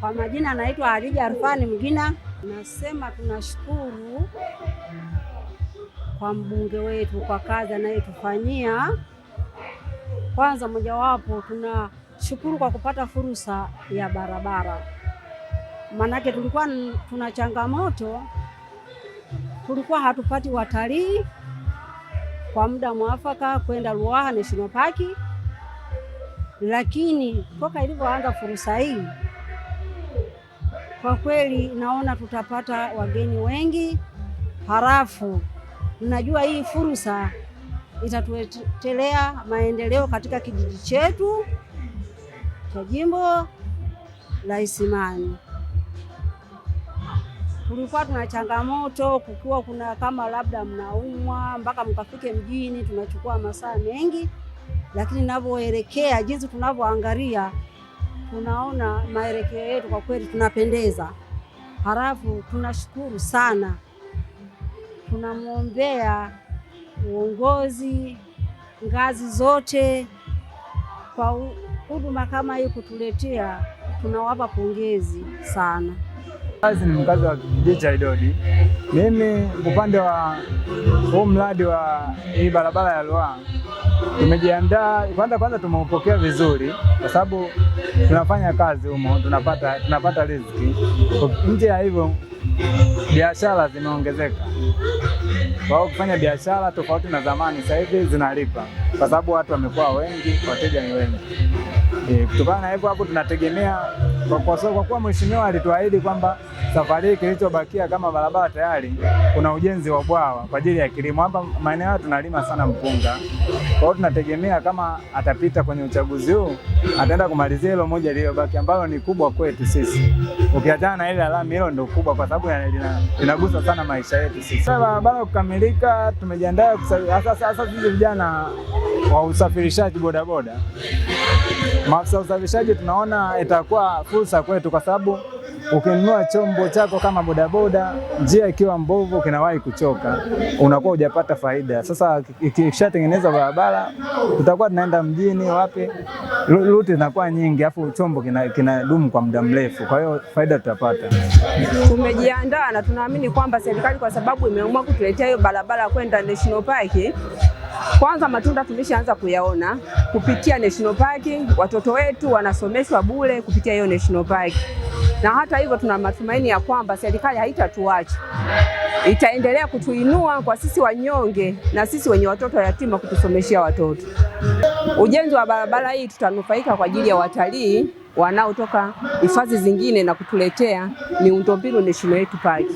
Kwa majina anaitwa Alija Arfani Mgina. Nasema tunashukuru kwa mbunge wetu kwa kazi anayetufanyia. Kwanza mojawapo, tunashukuru kwa kupata fursa ya barabara, maanake tulikuwa tuna changamoto, tulikuwa hatupati watalii kwa muda mwafaka kwenda Ruaha National Park, lakini toka ilivyoanza fursa hii kwa kweli naona tutapata wageni wengi, halafu najua hii fursa itatuletea maendeleo katika kijiji chetu cha jimbo la Isimani. Tulikuwa tuna changamoto, kukiwa kuna kama labda mnaumwa mpaka mkafike mjini, tunachukua masaa mengi, lakini ninavyoelekea, jinsi tunavyoangalia tunaona maelekeo yetu kwa kweli tunapendeza. Halafu tunashukuru sana, tunamwombea uongozi ngazi zote kwa huduma kama hii kutuletea, tunawapa pongezi sana. Azi ni mkazi wa kijiji cha Idodi. Mimi upande wa huu mradi wa hii barabara ya Ruaha tumejiandaa kwanza, kwanza tumeupokea vizuri, kwa sababu tunafanya kazi humo, tunapata tunapata riziki. Nje ya hivyo, biashara zimeongezeka kwa hiyo kufanya biashara tofauti na zamani, sasa hivi zinalipa, kwa sababu watu wamekuwa wengi, wateja ni wengi. E, kutokana na hivyo hapo tunategemea kwa, kwa kuwa mheshimiwa alituahidi kwamba safari hii kilichobakia kama barabara tayari kuna ujenzi wa bwawa kwa ajili ya kilimo. Hapa maeneo haya tunalima sana mpunga, kwa hiyo tunategemea kama atapita kwenye uchaguzi huu ataenda kumalizia hilo moja lililobaki ambalo ni kubwa kwetu sisi, ukiachana na ile alama, hilo ndio kubwa kwa sababu linagusa sana maisha yetu sisi. Barabara kukamilika, tumejiandaa sasa sisi vijana wa usafirishaji bodaboda, maafisa usafirishaji tunaona itakuwa fursa kwetu, kwa sababu ukinunua chombo chako kama bodaboda, njia ikiwa mbovu, kinawahi kuchoka, unakuwa hujapata faida. Sasa ikishatengeneza barabara, tutakuwa tunaenda mjini wapi, ruti zinakuwa nyingi, afu chombo kinadumu kina kwa muda mrefu, kwa hiyo faida tutapata. Tumejiandaa na tunaamini kwamba serikali, kwa sababu imeamua kutuletea hiyo barabara kwenda National Park kwanza matunda tumeshaanza kuyaona kupitia National Park, watoto wetu wanasomeshwa bure kupitia hiyo National Park, na hata hivyo tuna matumaini ya kwamba serikali haitatuacha, itaendelea kutuinua kwa sisi wanyonge na sisi wenye watoto yatima kutusomeshia watoto. Ujenzi wa barabara hii tutanufaika kwa ajili ya watalii wanaotoka hifadhi zingine na kutuletea miundombinu National yetu Park.